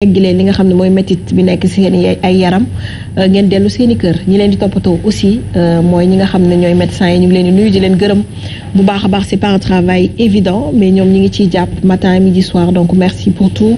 teggi leen li nga xam ne mooy métit bi nekk ci seen ay yaram euh, ngeen dellu seen i kër ñi leen di toppatoo aussi euh, mooy ñi nga xam ne ñooy médecins yi ñu ngi leen di nuyu di leen gërëm bu baax a baax c'est pas un travail évident mais ñoom ñi ngi ciy jàpp matin midi soir donc merci pour tout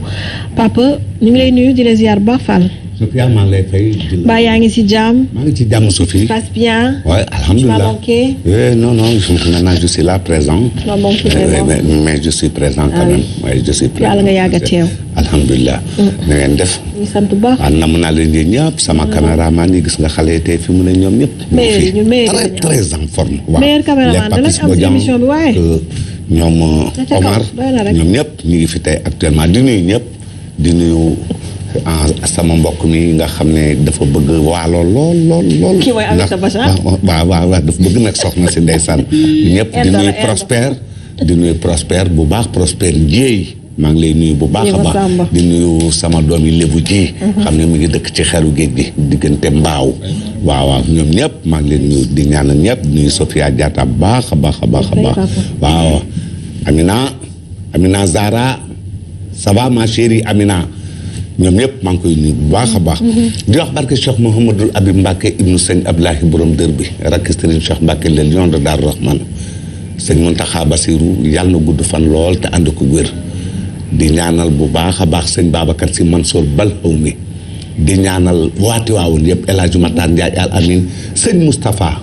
Papa ñu ngi lay nuyu di la ziar bu baax Fall Sophia maa ngi lay fay. mbaa yaa ngi ci jàmm. maa ngi ci jàmm Sophie. passe bien. oui alhamdulilah tu m'as manqué. oui non non maintenant je suis là présent. ma manqué euh, vraiment mais, mais je suis présent quand ah même. oui je suis présent. yàlla nga yàgg a teew. alhamdulilah. Mm. na ngeen def. ñu sant bu baax. waaw ah, namm naa leen yéen ñëpp sama ah. caméraman yi gis nga xale yi tey fi mu ne ñoom ñëpp. mais ñu mais très très en forme. waaw meilleur caméraman danañ am ci émission bi waaye. ñoom Omar ñoom ñëpp ñu ngi fi tey actuellement di nuyu ñëpp di nuyu. sama mbokk yi nga xam ne dafa bëgg waalo lool lool lool. dafa bëgg nag soxna si ndeysaan. ñëpp di nuyu Prospère di nuyu Prospère bu baax Prospère Ndié. maa ngi lay nuyu bu baax a baax di nuyu sama doom yi lébu ji. Mhm. xam ne mu ngi dëkk ci xeru géej gi diggante mbaaw waaw waaw ñoom ñëpp maa ngi leen nuyu di ñaanal ñëpp nuyu Sofia Diatta bu baax a baax a baax a baax waaw Amina Amina Zara ça va ma chérie ñoom ñëpp maa ngi koy nuyu bu baax a baax. di wax barke Cheikh Mouhamadul Abib Mbacke ibnu sëñ Ablahi borom dër bi rakk Serigne Cheikh Mbacke le lion de Darou Rahman sëñ Mountakha Bassirou yàlla na gudd fan lool te ànd ko wér. di ñaanal bu baax a baax sëñ Babacar si Mansour Bal xaw mi di ñaanal waati waawoon yëpp El Hadj Matar Ndiaye Al Amin sëñ Moustapha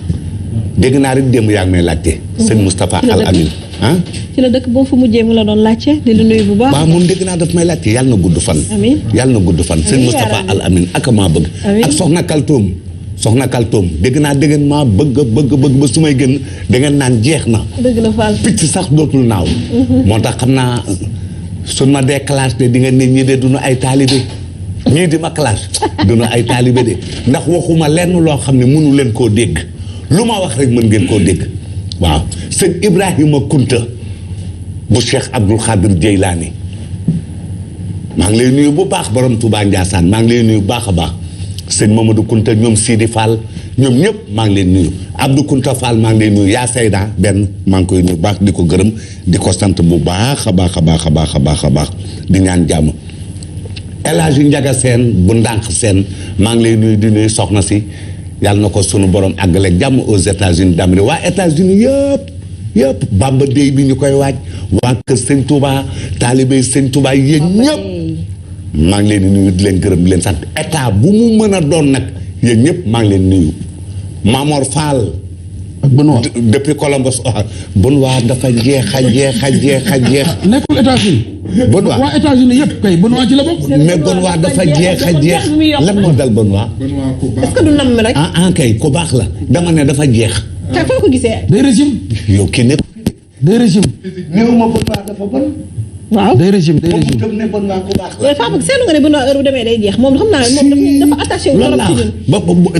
dégg naa rek démb yaa ngi may laajte. sëñ Moustapha Al Amin. ah. ci la dëkk boo fu mujjee mu la doon laajte di la nuyu bu baax. waaw moom dégg naa daf may laajte yàlla na gudd fan. amiin yàlla na gudd fan. sëñ Moustapha Al Amin ak maa bëgg. ak soxna Kaltoom. soxna Kaltoom dégg naa dégg maa bëgg bëgg bëgg ba su may génn da naan jeex na. dëgg la sax dootul naaw. Mhm. moo tax xam naa suñ ma dee classe de di nga ne ñii de duñu ay taalibe ñii di ma classe duñu ay taalibe de ndax waxuma lenn loo xam ne mënu leen koo dégg lu ma wax rek mën ngeen koo dégg. waaw sëñ Ibrahima Kunta bu Cheikh Abdul Xaadir Jeylaani maa ngi lay nuyu bu baax borom Touba Ndiassane maa ngi lay nuyu bu baax a baax sëñ Mamadou Kunta ñoom Sidi Fall ñoom ñëpp maa ngi leen nuyu Abdou Kunta Fall maa ngi leen nuyu yaa Seyda benn maa ngi koy nuyu baax di ko gërëm di ko sant bu baax a baax a baax a baax a baax a baax di ñaan jàmm El Hadj Ndiaga Sène bu ndànk seen maa ngi lay nuyu di nuyu soxna si yàlla na ko sunu borom àggale jàmm aux États-Unis d'Amérique waa États-Unis yëpp yëpp Bamba Day bi ñu koy waaj waa kër Sëñ Touba taalibe Sëñ Touba yéen ñëpp maa ngi leen di nuyu di leen gërëm di leen sant état bu mu mën a doon nag yéen ñëpp maa ngi leen nuyu Mamor Fall ak Benoît. depuis Columbus ah, Benoît dafa jeex a jeex a jeex a jeex. nekkul États-Unis. Benoît waa États-Unis yëpp kay Benoît ci la bokk. mais Benoît dafa jeex a jeex lan moo dal Benoît. est-ce que du nam rek. Ah, ah kay ku baax la dama ne dafa jeex. te foo ko gisee. day régime. yow kii nekk. day régime. néew ma Benoît dafa bon. waaw day régime day régime moom ne bon waa ku baax. waaye dafa attaché.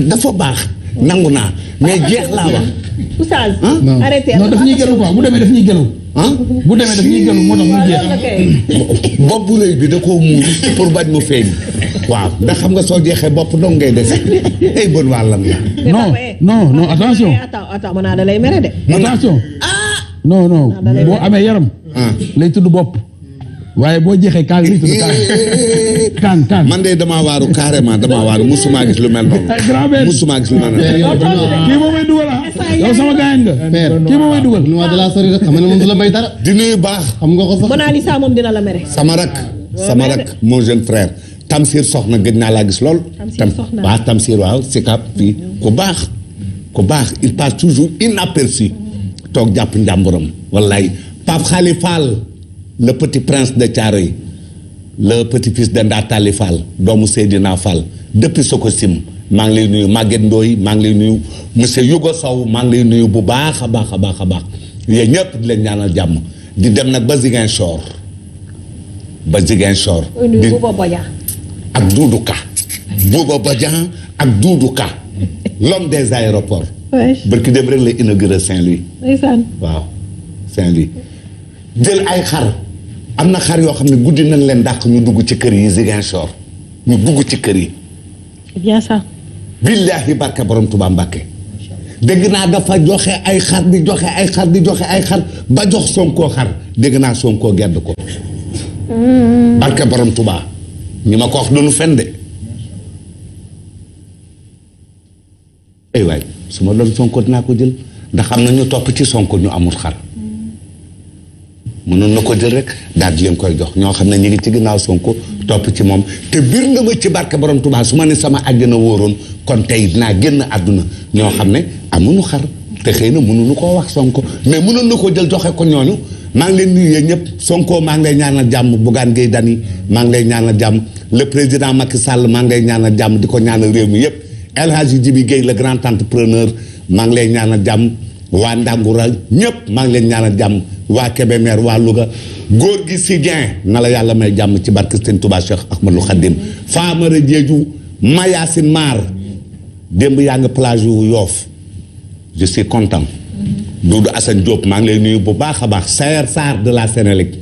dafa baax. nangu naa mais jeex laa wax. oustaz. Ah? arrêté non daf ñuy gëlu bu demee daf ñuy gëlu. Ah? bu daf ñuy gëlu ah, bopp bu bi da koo muur mu feeñ. waaw ndax xam nga soo jeexee bopp dong ngay dese ay bon wàllam la. Eh. non non non attention. Hmm. attention. non non boo amee yaram. lay tudd bopp. waaye boo jeexee kaal litre kaan kaan man de damaa waaru carrément damaa waaru musuma gis lu mel noonu. musuma gis lu mel noonu. kii moom may dugal ah. yow sama gaañ nga. kii moom may dugal. waaw dalaa sori rek xam nga ne moom du la may dara. di nuyu baax. xam nga ko sax Mona Lisa moom dina la mere. sama rak sama rak mon jeune frère. Tamsir soxna gëj naa laa gis lool. Tamsir soxna waaw Tamsir waaw Sicap fii ku baax. ku baax il passe toujours inaperçu. toog jàpp njàmburam. wallaay Pape Khalifa Fall. le petit prince de yi le petit fils de Ndatali Fall doomu Seydina Fall depuis Sococim maa ngi lay nuyu Maguette Ndoye maa lay nuyu monsieur Yugo Sow maa ngi lay nuyu bu baax a baax a baax a baax yéen ñëpp di ñaanal jàmm di dem nag ba Ziguinchor ba Ziguinchor. di ak Doudou Ka. Bouba ak Doudou lom des aéroports. barki dem rek la inauguré Saint-Louis. ndeysaan jël ay xar. am na xar yoo xam ne guddi nañ leen dàq ñu dugg ci kër yi Ziguinchor ñu dugg ci kër yi. bien ça. billaahi barke borom Touba dégg naa dafa joxe ay xar di joxe ay xar di joxe ay xar ba jox sonkoo xar dégg naa sonkoo gedd ko. Hmm. barke borom Touba ñi ma ko wax doonu fen de. ay waay su ma doon Sonko dinaa ko jël ndax am na ñu topp ci Sonko ñu amul xar. mënoon na ko jël rek daal di leen koy jox ñoo xam ne ñu ngi ci ginnaaw Sonko topp ci moom te biir na ma ci barke borom Tuubaa su ma ne sama àjjana wóoroon kon tey dinaa génn àdduna ñoo xam ne amuñu xar te xëy na mënuñu koo wax Sonko mais munoon na ko jël joxe ko ñooñu maa ngi leen nuyu yéen ñëpp Sonko maa ngi lay ñaanal jàmm Bougane Gueye Dany maa ngi lay ñaanal jàmm le président Macky sàll maa ngi ñaan ñaanal jàmm di ko ñaanal réew mi yëpp El Hadji Djibi Gueye le grand entrepreneur maa ngi lay ñaanal jàmm waa Ndangura ñëpp maa ngi leen ñaanal jàmm waa Kébémer waa Louga góor gi si Dieng na la yàlla may jàmm ci barke Sëñ Touba Cheikh Ahmadou Khadim Famara Diédhiou Mayacine Mar démb yaa ngi plage yu Yoff je suis content Doudou Assane Diop maa ngi lay nuyu bu baax a baax Sayer Sarr de la Sénélec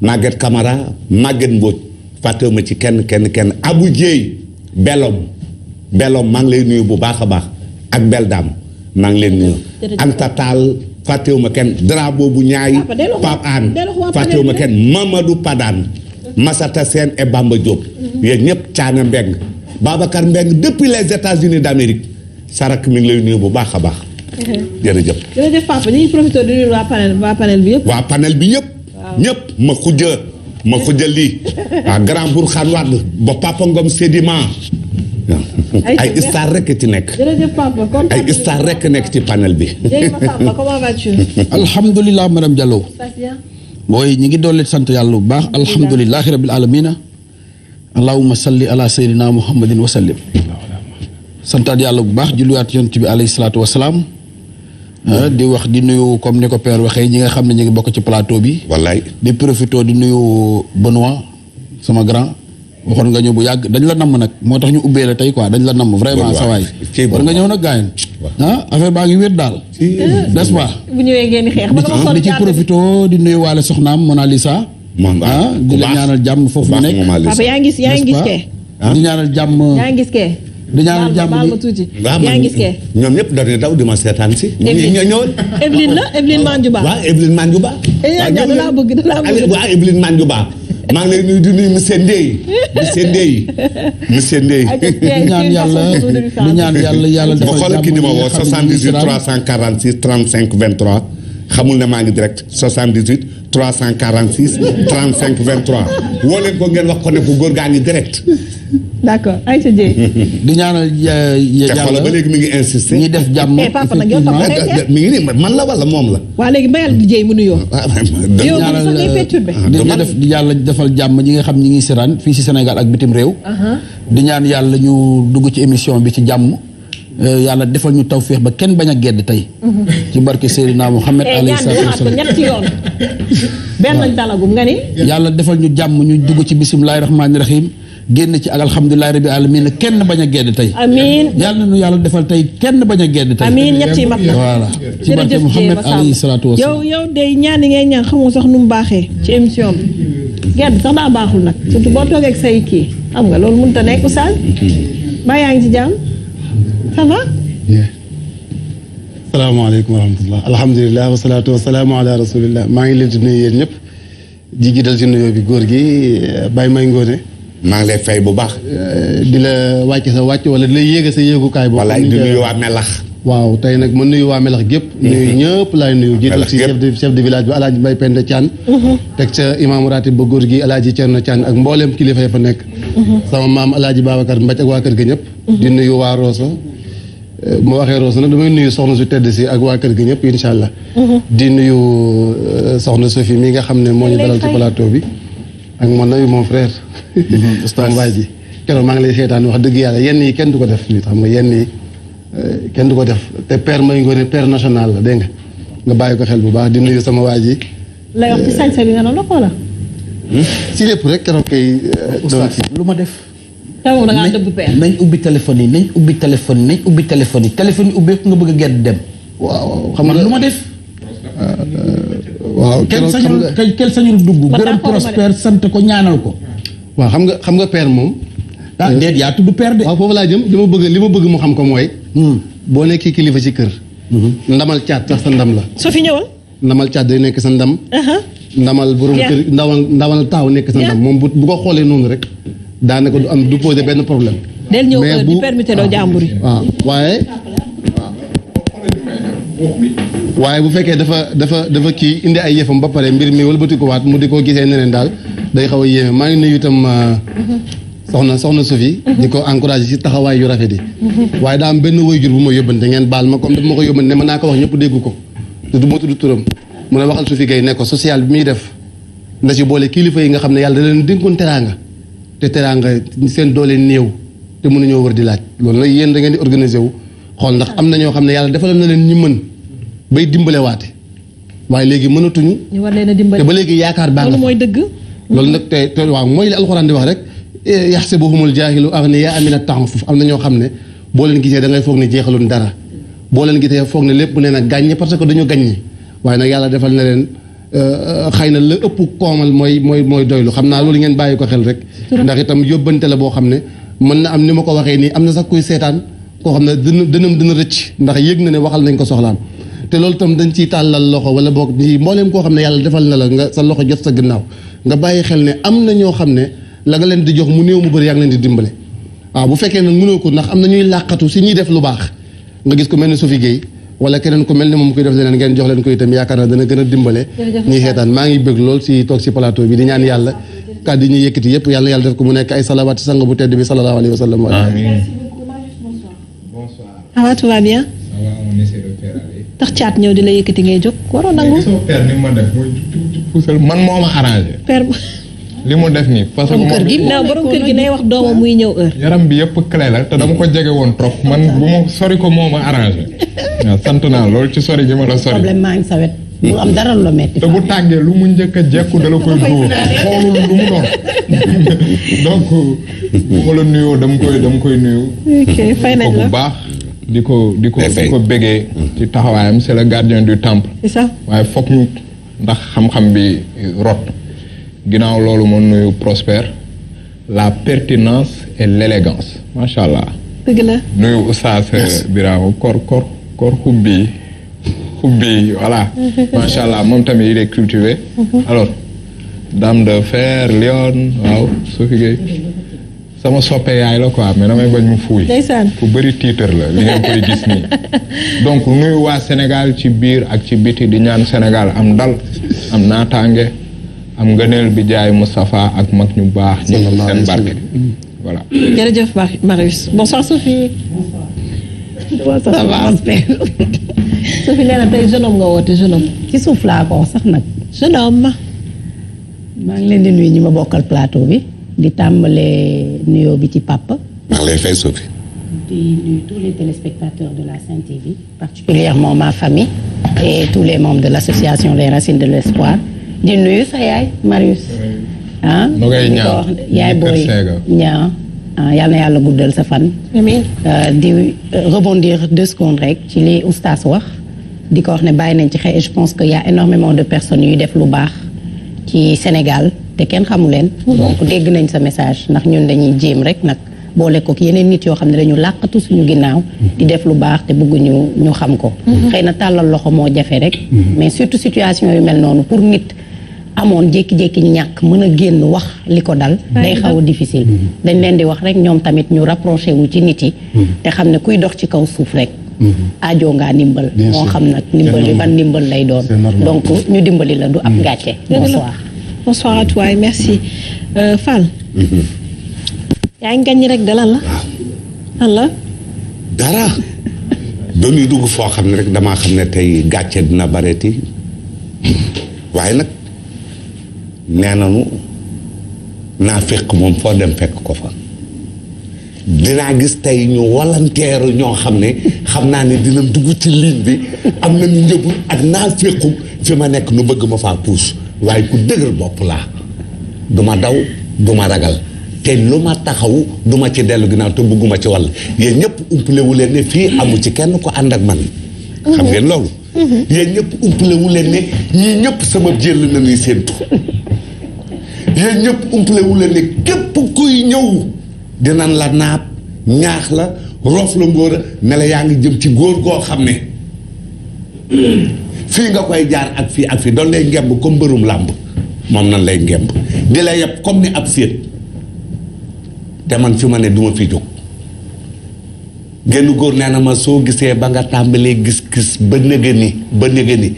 Maguette Camara Maguette Mbodj fàttewuma ci kenn kenn kenn Abou Dieye Belom Belom maa ngi lay nuyu bu baax a baax ak beldaam maa ngi leen nuyu Anta fàttewuma kenn drapeau bu ñaay Pape Anne fàttewuma kenn Mamadou Padane Massata Sène et Bamba Diop mhm. yéen ñëpp Thiané Mbengue Babacar Mbengue depuis les États-Unis d'Amérique Sarak mi lay nuyu bu baax a baax jërëjëf jërëjëf papa ñu bi ñëpp ñëpp ma xujja ma xujja lii waa grand Bourkhane Wade ba Papa Ngom Sédiment ay star rek ci nekk. jërëjëf ay star rek nekk ci panel bi. jërëjëf Papa comment vas-tu. alhamdulilah madame Diallo. mooy ñi ngi doole sant yàlla bu baax. alhamdulilah rabbil alamina. allahumma salli ala sayyidina muhammadin wa sallim. santaat yàlla bu baax julliwaat yonent bi alayhi salaatu wa salaam. Ah, di wax di nuyu comme ni ko père waxee ñi nga xam ne ñu ngi bokk ci plateau bi. wallaay di profité di nuyu Benoît sama grand. waxoon nga ñëw bu yàgg dañ la namm nag moo tax ñu ubbee la tey quoi dañ la namm vraiment sa waay war nga ñëw nag gaayen ah, baa ngi daal n'est-ce pas bu ñëwee ngeen xeex di ci profité di nuyu waale soxnaam Mona Lisa ah di la jàmm foofu mu nekk papa yaa ngi yaa ngi gis ah? jàmm yaa jàmm baal ma tuuti yaa ngi gis ñoom ñëpp dañ ne ma seetaan si ñoo ñëwoon Evelyne la Evelyne Mandjouba waaw maa ngi lay nuyu di nuyu monsieur Ndeye monsieur Ndeye monsieur Ndeye. lu ñaan yàlla lu ñaan yàlla yàlla defal jàmm ki ni ma woo 78 346 35 23 xamul ne maa ngi direct 78 346 35 23 woo leen ko ngeen wax ko ne ko góor gaa ngi direct. d' accord di ñaanal euh, yàlla ba mi ngi insister. ñi def jàmm eh, papa nag yow man la wala moom la. waa léegi bayal di Dieng mu nuyoo. Ah, ah, ah, yow defal jàmm ñi nga xam ñi ngi siraan fii si Sénégal ak bitim réew. Uh-huh. di ñaan yàlla ñu dugg ci émission bi ci jàmm. Euh, yàlla defal ñu tawféex ba kenn bañ a gedd tey. Uh-huh. ci barke Seydina Mouhamed eh, alayhi salaatu salaam yàlla defal ñu jàmm ñu dugg ci bisimilah rahmaani rahim génn ci ak alhamdulilah rabi alamin kenn bañ a gedd tey. amiin yàlla nu yàlla defal tey kenn bañ a gedd tey. amiin ñett yi mat na voilà. ci barke Muhammad alayhi salaatu wa ñaan yi ngay ñaan xamoo sax nu mu baaxee. ci émission bi. gedd sax daa baaxul nag. surtout boo toogee ak say kii. nga loolu mënut a nekk Oustaz. ba yaa ngi ci jàmm. ça va. salaamaaleykum wa rahmatulah alhamdulilah wasalaatu wasalaamu ala rasulillah maa ngi leen di nuyu yéen ñëpp. ji gi dal ci góor gi Baye May Ngone. maa ngi lay fay bu baax. Eh, di la wàcc sa wàcc wala di la yéege sa yéegukaay. boo xam ne di nuyu waa Melax. waaw tey nag ma nuyu waa Melax gépp. Mm-hmm. nuyu ñëpp laay nuyu. jiital si chef de chef de village bi El Hadj Mbaye Penda mm-hmm. teg sa imaamu ratib ba góor gi El Hadj Thierno caan ak mbooleem kilifa ya fa nekk. Mm-hmm. sama maam alaaj Hadj Babacar Mbaj ak waa kër gi ñëpp. di nuyu waa Roso. Eh, ma waxee Roso nag damay nuyu soxna su tedd si ak waa kër gi ñëpp incha allah. di nuyu eh, soxna Sophie mi nga xam ne moo ñu dalal ci plateau bi. ak man layu mon frère. Mhm, sama waay ji keroog maa lay seetaan wax dëgg yàlla yenn yi kenn du ko def nit xam nga yenn yi eh, kenn du ko def te père may ngoone père national la dégg nga nga bàyyi ko xel bu baax di nuyu sama waaj ji. lay eh, hmm? si lépp rek keroog kay. Eh, lu ma def. teewul nañ ubbi téléphone yi nañ ubbi téléphone yi nañ ubbi téléphone yi téléphone yi ubbeeku nga bëgg a gedd dem. waaw xam nga lu ma def. waaw kenn sañul kenn sañul dugg gërëm prospère sant ko ñaanal ko waa xam nga xam nga père moom ah euh, déet yaa tudd père de waaw foofu laa jëm li ma bëgg li ma bëgg mu xam ko mooy hmm. boo nekkee kilifa ci kër hmm. ndamal caat sax sa ndam la soo fi ñëwal ndamal caat day nekk sa ndam uh-huh. ndamal borom kër ndawal ndawal taaw nekk sa ndam moom bu ko xoolee noonu rek daanaka du am du posé benn problème del ñëw di permettre doo ah. jàmbur yi waaw ah. waaye waaye bu fekkee dafa dafa dafa kii indi ay yëfam ba pare mbir mi wëlbati ko waat mu di ko gisee neneen daal day xaw a yéeme maa ngi nuyu itam euh, soxna soxna Sophie di ko encouragé ci taxawaay yu rafet yi waaye daa am benn wayjur bu ma yóbbante ngeen baal ma comme daf ma ko yóbbante ne mën naa ko wax ñëpp dégg ko du ma tudd turam mu ne waxal Sophie Gueye ne ko social bi muy def na ci boole kilifa yi nga xam ne yàlla da leen dénkoon teraanga te teraanga seen doole néew te mënuñoo wër di laaj loolu nag yéen da ngeen di organiser wu xool am na ñoo xam ne yàlla defaloon na leen ñi mën bay dimbalewaate waaye léegi mënatuñu. ñu war leen a dimbale te ba léegi yaakaar baa nga loolu mooy dëgg. loolu nag te te waaw mooy li alxuraan di wax rek e, yaxsibuhumul jaahilu aghniyaa mina ta'affuf am na ñoo xam ne boo leen gisee da ngay foog ne jeexaluñ dara boo leen gisee foog ne lépp nee na gàññe parce que dañu ni waaye nag yàlla defal na leen e, e, xëy na la ëpp koomal mooy mooy mooy doylu xam naa loolu ngeen bàyyi ko xel rek. ndax itam yóbbante la boo xam ne mën na am ni ma ko waxee nii am na sax kuy seetaan koo xam ne dana dënam dana rëcc ndax yëg na ne waxal nañ ko soxlaam te loolu tam dañ ciy tàllal loxo wala boog di mbooleem koo xam ne yàlla defal na la nga sa loxo jot sa gannaaw nga bàyyi xel ne am na ñoo xam ne la nga leen di jox mu néew mu bari yaa ngi leen di dimbale waaw bu fekkee nag mënoo ko ndax am na ñuy làqatu si ñuy def lu baax nga gis ko mel ne Sophie Guèye wala keneen ku mel ne moom koy def leneen ngeen jox leen ko itam yaakaar naa dana gën a dimbale ñuy xeetaan maa ngi bëgg lool si toog si plateau bi di ñaan yàlla kàddu yi ñuy yëkkati yëpp yàlla yàlla def ko mu nekk ay salawaat sang bu tedd bi sallallahu tax caat ñëw di la yëkkati ngay jóg waroo nangu. sama man moo ma arrangé. li mu def nii parce que kër gi non borom kër gi nay wax doomam muy ñëw heure. yaram bi yëpp clé la te dama ko jege woon trop man bu ma sori ko moom ma arrangé. sant naa loolu ci sori gi ma la sori. problème maa mu am dara la metti te bu tàngee lu mu njëkk a jekku da la koy dóor xoolul lu mu doon donc bu ma la nuyoo dam koy dama koy nuyu. ok fay la bu baax. di ko di ko di ko bégee mm-hmm. ci taxawaayam c'est le gardien du temple waaye foog ñu ndax xam-xam bi rot ginnaaw loolu moom nuyu Prospère la pertinence et l'élégance macha allah dëgg la nuyu Oustaz euh, Birama kor xubbi xubbi voilà macha allah moom tamit yi de cultivé mm-hmm. alors dame de fer lion waaw Sophie Gueye sama soppe yaay la quoi mais damay bañ mu fuuy. ndeysaan ku bëri tiitar la li ngeen koy gis nii. donc nuyu waa Sénégal ci biir ak ci biti di ñaan Sénégal am dal am naataange am ngëneel bi jaay Moustapha ak mag ñu baax. ñu seen barke voilà. jërëjëf Marius bonsoir Sophie. bonsoir ça va. Sophie nee na tey jeune homme nga woote jeune homme. ci suuf laa ko sax nag. jeune homme. maa ngi leen di nuyu ñi ma bokkal plateau bi. di tàmbalee nuyoo bi ci papa. maa ngi lay fay Sophie. di nuyu tous les téléspectateurs de la Sen TV particulièrement ma famille et tous les membres de l'association les racines de l'espoir di nuyu sa yaay Marius ah mu yaay booy ñaaw ah, yal na yàlla guddal sa fan euh, di euh, rebondir deux secondes rek ci li oustaz wax di ko wax ne bàyyi nañ ci xel et je pense que y a énormément de personnes yuy def lu baax ci Sénégal te kenn xamu leen. donc dégg nañ sa message ndax ñun dañuy jéem rek nag boole ko yeneen nit yoo xam ne dañu làqatu suñu ginnaaw. di def lu baax te bëgguñu ñu xam ko. Mhm. xëy na tàllal loxo moo jafe rek. Mhm. mais surtout situation yu mel noonu pour nit. amoon jékki-jékki ñàkk mën a génn wax li ko dal day xaw a mhm. dañ leen di wax rek ñoom tamit ñu rapproché wu ci nit yi te xam ne kuy dox ci kaw suuf rek ajoo ngaa ndimbal moo xam nag ndimbal bi ban ndimbal lay doon donc ñu dimbali la du ab gàcce bonsoir à toi merci euh, Fall. Mhm. yaa ngi rek de la. dara. dañuy dugg foo xam ne rek damaa xam ne tey gàcce dina bareeti waaye nag nee nañu naa fekk moom foo dem fekk ko fa. dinaa gis tey ñu volontaire ñoo xam ne xam naa ne dina dugg ci ligne bi am nañu njëbu ak naa fekku fi ma nekk nu bëgg ma faa puus. waaye ku dëgër bopp laa du daw du ma ragal te lu ma taxaw duma ci dellu ginnaaw te bëgguma ci wàll yéen ñëpp umpale wu leen ne fii amu ci kenn ko ànd ak man. xam ngeen loolu. leen ne ñii ñëpp sama jël na ñuy séentu yéen ñëpp umpale wu leen ne képp kuy ñëw dinañ la naab ñaax la roof la ngóor a yaa ngi jëm ci góor goo xam ne. fii nga koy jaar ak fii ak fii doon lay ngemb comme mbërum làmb moom nan lay ngemb di la yeb comme ni ab séet te man fi ma ne duma fi jóg génn góor nee na ma soo gisee ba nga tàmbalee gis-gis ba nëgë ni ba nëgë ni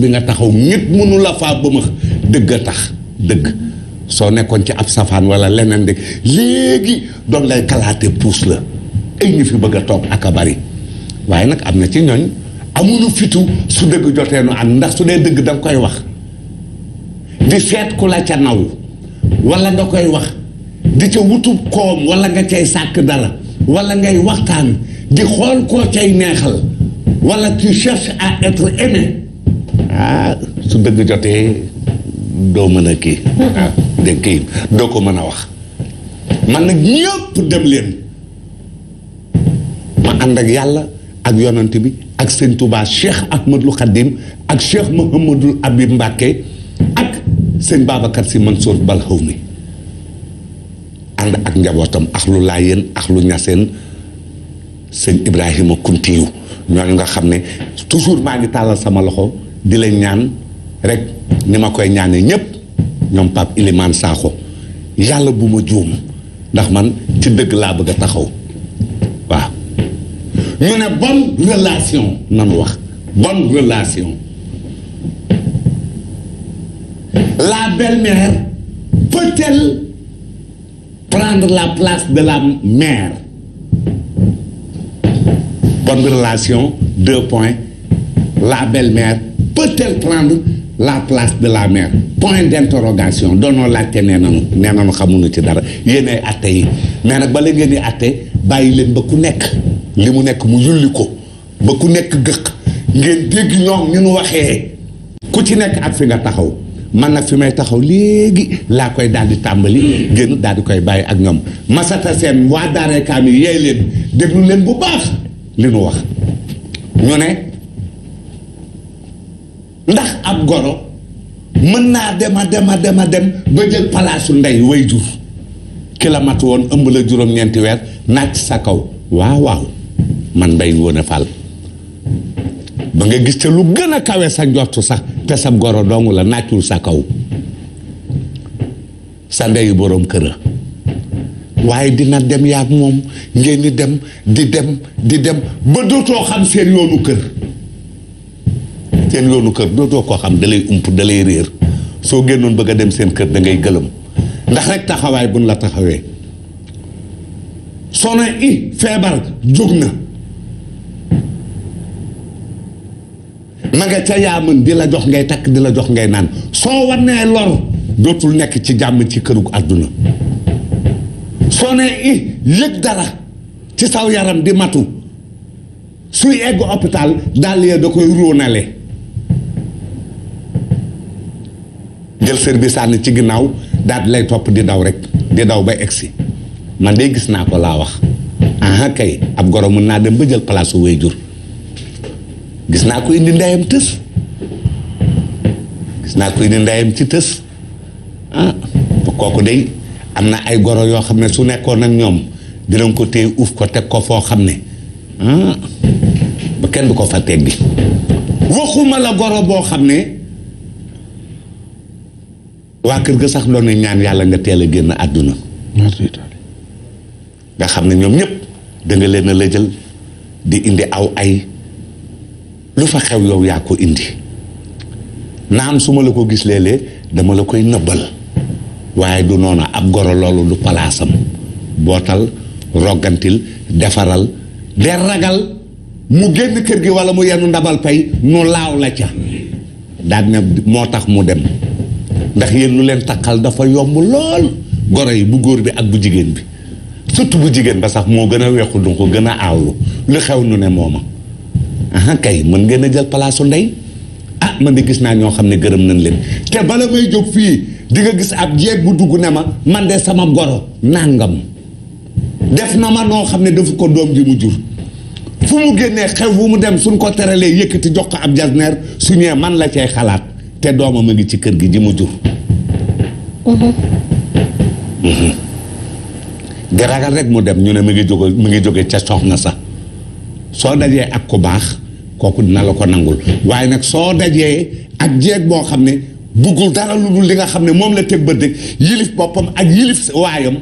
bi nga taxaw nit mënu la faa ba max dëgg a tax dëgg soo nekkoon ci ab safaan wala leneen de léegi doon lay kalaate puus la ay ñu fi bëgg a toog ak a bari waaye nag am na ci ñooñ amuñu fitu su dëgg jotee nu ànd ndax su dee dëgg da koy wax di seet ku la ca naw walla nga koy wax di ca wutub koom wala nga cay sàkk dara walla ngay waxtaan di xool koo cay neexal wala tu cherches à être aimé ah su dëgg jotee doo mën a kii ah dégg kii doo ko mën a wax man nag ñëpp dem leen ma ànd ak yàlla ak yonant bi ak sëñ Touba Cheikh Ahmadul Khadim ak Cheikh Mouhamadul Abib Mbacke ak sëñ Babacar Sy Mansour Balxaw mi ànd ak njabootam ak lu laayeen ak lu ñaseen sëñ Ibrahima Kuntiyu ñooñu nga xam ne toujours maa ngi tàllal sama loxo di leen ñaan rek ni ma koy ñaanee ñëpp ñoom Pape Ilimane Sakho yàlla bu ma juum ndax man ci dëgg laa bëgg a taxaw ñu ne bonne relation nanu wax bonne relation la belle-mère peut-elle prendre la place de la mère bonne relation deux points la belle-mère peut-elle de la mère point d'interrogation doonoo laajte nee nanu nee nanu xamuñu ci dara yéenay atte yi mais nag bala ngeen di atte bàyyi leen ba ku nekk li mu nekk mu yulli ko ba ku nekk gëq ngeen dégg ñoom ñu nu waxee ku ci nekk ak fi nga taxaw man nag fi may taxaw léegi laa koy daal di tàmbali génn daal di koy bàyyi ak ñoom masata seen waa daaree kaam yi yeey leen déglu leen bu baax li nu wax ñu ne ndax ab goro mën naa dema dema dema dem ba jël palaasu ndey way jur ki la mat woon ëmb la juróom-ñeenti weer naaj sa kaw waaw waaw man Mbaye Ngoné Fall ba nga gis te lu gën a kawe sa njortu sax te sab goro dong la naccul sa kaw sa ndeyu boroom kër a waaye dina dem yaag moom ngeen di dem di dem di dem ba dootoo xam seen yoonu kër seen yoonu kër dootoo ko xam dalay ump dalay réer soo génnoon bëgg a dem seen kër dangay gëlëm ndax rek taxawaay buñ la taxawee soo ne i feebar jóg na ma nga ca yaaman di la jox ngay takk di la jox ngay naan soo wanee lor dootul nekk ci jàmm ci kërug àdduna soo nee i yëg dara ci saw yaram di matu suy egg hôpital dàll ya da koy róonale jël service ànd ci ginnaaw daal lay topp di daw rek di daw ba egsi man de gis naa ko laa wax aha kay ab goro mën naa dem ba jël place su jur gis naa ko indi ndayam tës gis naa ko indi ndayam ci tës ah, kooku day am na ay goro yoo xam ne su nekkoon ak ñoom dina ko téye uuf ko teg ko foo xam ne ah ba kenn du ko fa teg bi waxuma la goro boo xam ne waa kër ga sax doon na ñaan yàlla nga teel a génn àdduna nga xam ne ñoom ñëpp da nga leen la jël di indi aw ay lu fa xew yow yaa ko indi naam su ma la ko gis lee léeg dama la koy nëbbal waaye du noonu ab goro loolu du palaasam bootal rogantil defaral de ragal mu génn kër gi wala mu yenu ndabal pay laaw ne moo tax mu dem ndax yéen lu leen takkal dafa yomb lool goro yi bu góor bi ak bu jigéen bi surtout bu jigéen ba sax moo gën a weexu du ko gën a aawlu lu xew nu ne mooma ah kay mën ngeen a jël palaasu ndey ah man de gis naa ñoo xam ne gërëm nañ leen te bala may jóg fii di nga gis ab jeeg bu dugg ne ma man de sama goro nàngam def na ma noo xam ne dafa ko doom ji mu jur fu mu génnee xew fu mu dem suñ ko teralee yëkkati jox ko ab jasneer su man la cay xalaat te doomam a ngi ci kër gi ji mu jur mm-hmm. Mm-hmm. di rek mu dem ñu ne mu ngi jóge mu ngi jóge ca soxna sa soo dajee ak ku baax kooku dina la ko nangul waaye nag soo dajee ak jeeg boo xam ne buggul dara lu li nga xam ne moom la ba bët yilif boppam ak yilif waayam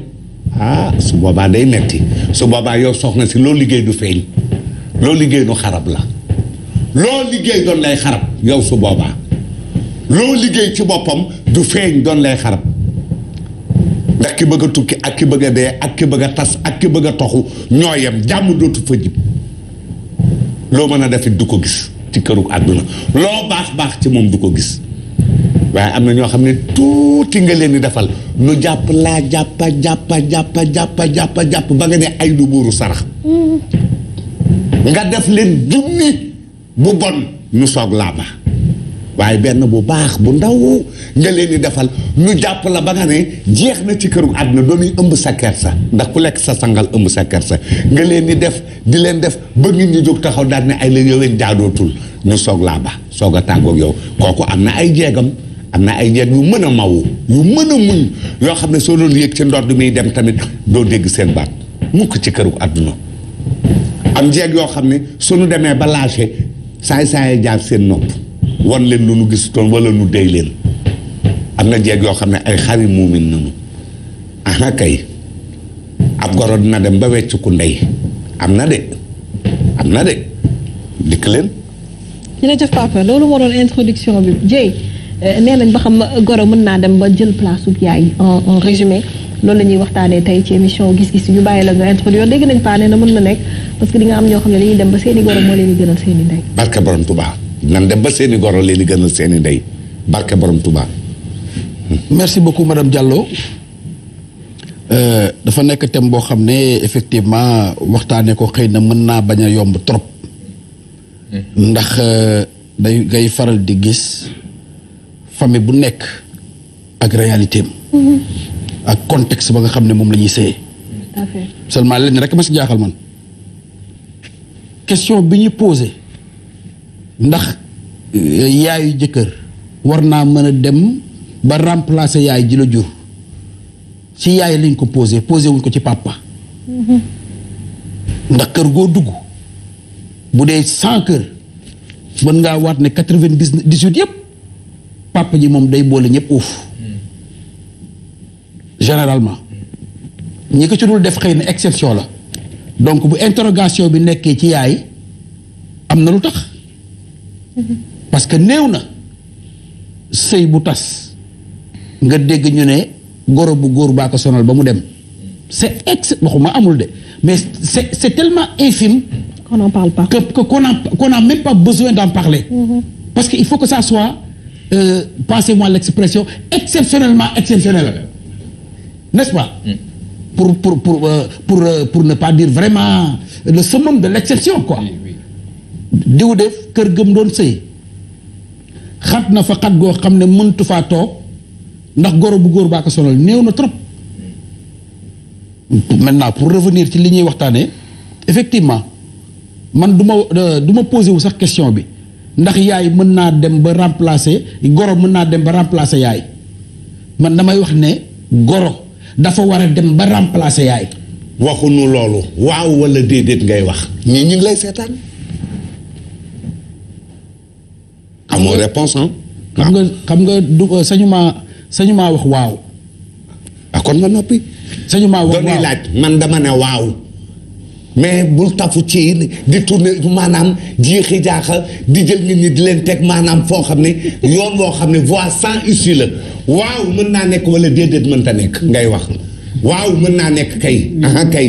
ah su boobaa day metti su boobaa yow soxna si loo liggéey du feeñ loo liggéey nu xarab la loo liggéey doon lay xarab yow su boobaa loo liggéey ci boppam du feeñ doon lay xarab ndax ki bëgg a tukki ak ki bëgg a dee ak ki bëgg a tas ak ki bëgg a toxu ñooyam jàmm dootu fa jib loo mën a def it du ko gis ci këru àdduna loo baax baax ci moom du ko gis waaye am na ñoo xam ne tuuti nga leen di defal nu jàpp laa jàpp jàpp jàpp jàpp jàpp jàpp ba nga ne ay lu buuru sarax mm-hmm. nga def leen junni bu bon ñu soog laa baax waaye benn bu baax bu ndaw nga leen di defal ñu jàpp la ba nga ne jeex na ci këru àdduna doonuy ëmb sa kersa ndax ku lekk sa sangal ëmb sa kersa nga leen di def di leen def ba nit ñi jóg taxaw daal ne ay la yoween jaadootul ñu soog laa ba soog a tàggoog yow kooku am na ay jeegam am na ay jeeg yu mën a mawu yu mën a muñ yoo xam ne soo doon yëg ci ndodd muy dem tamit doo dégg seen baat mukk ci këru àdduna am jeeg yoo xam ne suñu demee ba lâché saay-saaye jaar seen nopp wan leen lu nu gis toon wala nu dey leen am na jeeg yoo xam ne ay xari muumin nanu ana kay ab goro dina dem ba wecc ku ndey am na de am na de dikk leen jërëjëf papa loolu moo doon introduction bi Dieye eh, nee nañ ba xam goro mën naa dem ba jël place ub yaay en résumé loolu la waxtaanee tey ci émission gis-gis ñu bàyyi la nga introduire dégg nañ paa nee na mën na nekk parce que am ñoo xam ne dañuy dem ba seen goro moo leen nan dem ba seeni goro leen di a seeni ndey barke borom Touba. merci beaucoup madame Diallo euh, dafa nekk thème boo xam ne effectivement waxtaanee ko xëy na mën naa bañ a yomb trop. Hmm. ndax euh, day ngay faral di gis famille bu nekk ak réalité hmm. ak contexte ba nga xam ne moom lañuy ñuy sëyee. seulement lenn rek ma si jaaxal man question bi ñu posé. ndax eh, yaayu jëkkër war naa mën a dem ba remplacer yaay ji la jur ci yaay lañ ko posé posé wuñ ko ci papa. Mm-hmm. ndax kër goo dugg bu dee cent kër mën ngaa waat ne quatre-vingt-dix-huit yëpp papa ji moom day boole ñëpp uuf mm. généralement ñi ko ci dul def xëy na exception la donc bu interrogation bi nekkee ci yaay am na lu tax. parce que néew na sëy bu tas nga dégg ñu ne goro bu góor baa ko sonal ba mu dem c'est ex waxuma amul de mais c'est c'est tellement infime qu'on n'en parle pas que qu'on a qu'on n'a même pas besoin d'en parler mm-hmm. parce que il faut que ça soit euh, passez-moi l'expression exceptionnellement exceptionnel n'est-ce pas mm. pour pour pour euh, pour, pour, euh, pour ne pas dire vraiment le summum de l'exception quoi diw def kër gëm doon sëy xat na fa xat goo xam ne mëntu faa toog ndax goro bu góor baa ko sonal néew na trop maintenant pour revenir ci li ñuy waxtaanee effectivement man duma ma du ma euh, posé wu sax question bi ndax yaay mën naa dem ba remplacer goro mën naa dem ba remplacer yaay man damay wax ne goro dafa war a dem ba remplacer yaay. waxuñu loolu. waaw wala déedéet ngay wax. ñii ñu ngi lay seetaan. amoo réponse ah. xam nga xam nga du euh, sañu maa sañu maa wax waaw. ah kon nga noppi. sañu maa wax waaw laaj man dama ne waaw. mais bul tafu ci di tourner maanaam jiixi jaaxa di jël nit ñi di leen teg maanaam foo xam ne yoon boo xam ne voie sans issue la waaw mën naa nekk wala déedéet ta nekk ngay wax waaw mën naa nekk kay. kay.